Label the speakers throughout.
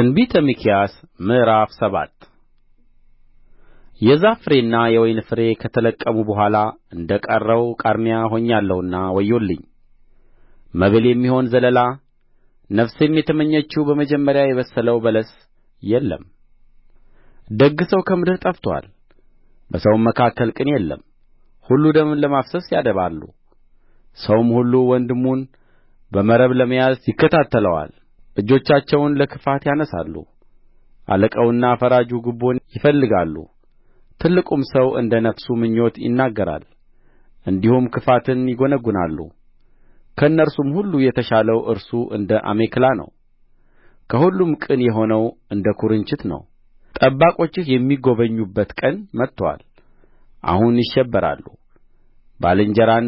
Speaker 1: ትንቢተ ሚክያስ ምዕራፍ ሰባት የዛፍ ፍሬና የወይን ፍሬ ከተለቀሙ በኋላ እንደ ቀረው ቃርሚያ ሆኛለሁና ወዮልኝ መብል የሚሆን ዘለላ ነፍሴም የተመኘችው በመጀመሪያ የበሰለው በለስ የለም ደግ ሰው ከምድር ጠፍቶአል በሰውም መካከል ቅን የለም ሁሉ ደምን ለማፍሰስ ያደባሉ ሰውም ሁሉ ወንድሙን በመረብ ለመያዝ ይከታተለዋል እጆቻቸውን ለክፋት ያነሣሉ አለቃውና ፈራጁ ጉቦን ይፈልጋሉ ትልቁም ሰው እንደ ነፍሱ ምኞት ይናገራል እንዲሁም ክፋትን ይጐነጕናሉ ከእነርሱም ሁሉ የተሻለው እርሱ እንደ አሜከላ ነው ከሁሉም ቅን የሆነው እንደ ኵርንችት ነው ጠባቆችህ የሚጐበኙበት ቀን መጥቶአል አሁን ይሸበራሉ ባልንጀራን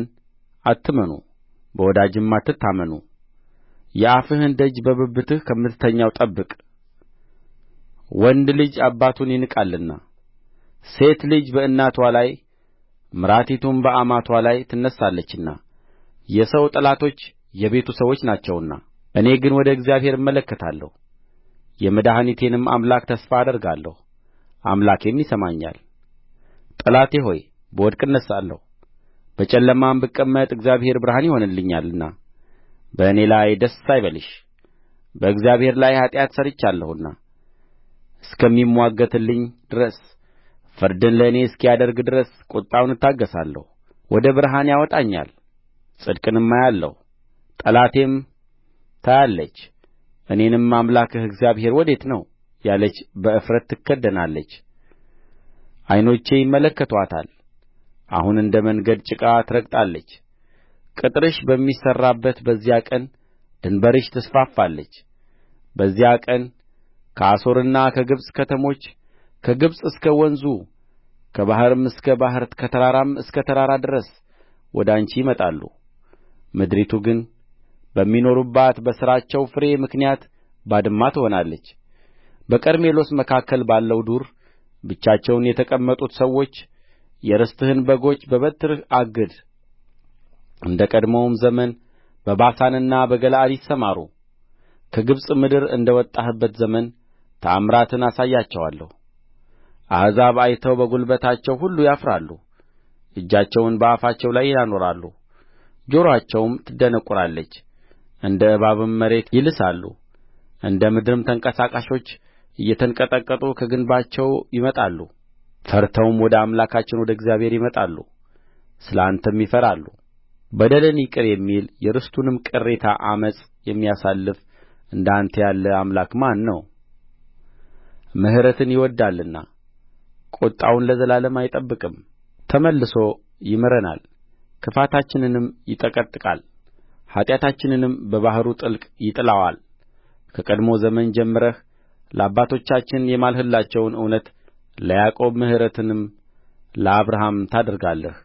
Speaker 1: አትመኑ በወዳጅም አትታመኑ የአፍህን ደጅ በብብትህ ከምትተኛው ጠብቅ ወንድ ልጅ አባቱን ይንቃልና ሴት ልጅ በእናትዋ ላይ ምራቲቱም በአማትዋ ላይ ትነሣለችና የሰው ጠላቶች የቤቱ ሰዎች ናቸውና እኔ ግን ወደ እግዚአብሔር እመለከታለሁ የመድኃኒቴንም አምላክ ተስፋ አደርጋለሁ አምላኬም ይሰማኛል ጠላቴ ሆይ ብወድቅ እነሣለሁ በጨለማም ብቀመጥ እግዚአብሔር ብርሃን ይሆንልኛልና በእኔ ላይ ደስ አይበልሽ በእግዚአብሔር ላይ ኃጢአት ሠርቻለሁና እስከሚሟገትልኝ ድረስ ፍርድን ለእኔ እስኪያደርግ ድረስ ቍጣውን እታገሣለሁ ወደ ብርሃን ያወጣኛል ጽድቅንም አያለሁ ጠላቴም ታያለች እኔንም አምላክህ እግዚአብሔር ወዴት ነው ያለች በእፍረት ትከደናለች ዓይኖቼ ይመለከቱአታል አሁን እንደ መንገድ ጭቃ ትረግጣለች ቅጥርሽ በሚሠራበት በዚያ ቀን ድንበርሽ ትስፋፋለች በዚያ ቀን ከአሦርና ከግብጽ ከተሞች ከግብጽ እስከ ወንዙ ከባሕርም እስከ ባሕር ከተራራም እስከ ተራራ ድረስ ወደ አንቺ ይመጣሉ ምድሪቱ ግን በሚኖሩባት በሥራቸው ፍሬ ምክንያት ባድማ ትሆናለች በቀርሜሎስ መካከል ባለው ዱር ብቻቸውን የተቀመጡት ሰዎች የርስትህን በጎች በበትርህ አግድ እንደ ቀድሞውም ዘመን በባሳንና በገለዓድ ይሰማሩ ከግብጽ ምድር እንደ ወጣህበት ዘመን ተአምራትን አሳያቸዋለሁ አሕዛብ አይተው በጕልበታቸው ሁሉ ያፍራሉ እጃቸውን በአፋቸው ላይ ያኖራሉ ጆሮአቸውም ትደነቍራለች እንደ እባብም መሬት ይልሳሉ እንደ ምድርም ተንቀሳቃሾች እየተንቀጠቀጡ ከግንባቸው ይመጣሉ ፈርተውም ወደ አምላካችን ወደ እግዚአብሔር ይመጣሉ ስለ አንተም ይፈራሉ በደልን ይቅር የሚል የርስቱንም ቅሬታ ዓመፅ የሚያሳልፍ እንደ አንተ ያለ አምላክ ማን ነው ምሕረትን ይወድዳልና ቍጣውን ለዘላለም አይጠብቅም ተመልሶ ይምረናል ክፋታችንንም ይጠቀጥቃል ኃጢአታችንንም በባሕሩ ጥልቅ ይጥለዋል ከቀድሞ ዘመን ጀምረህ ለአባቶቻችን የማልህላቸውን እውነት ለያዕቆብ ምሕረትንም ለአብርሃም ታደርጋለህ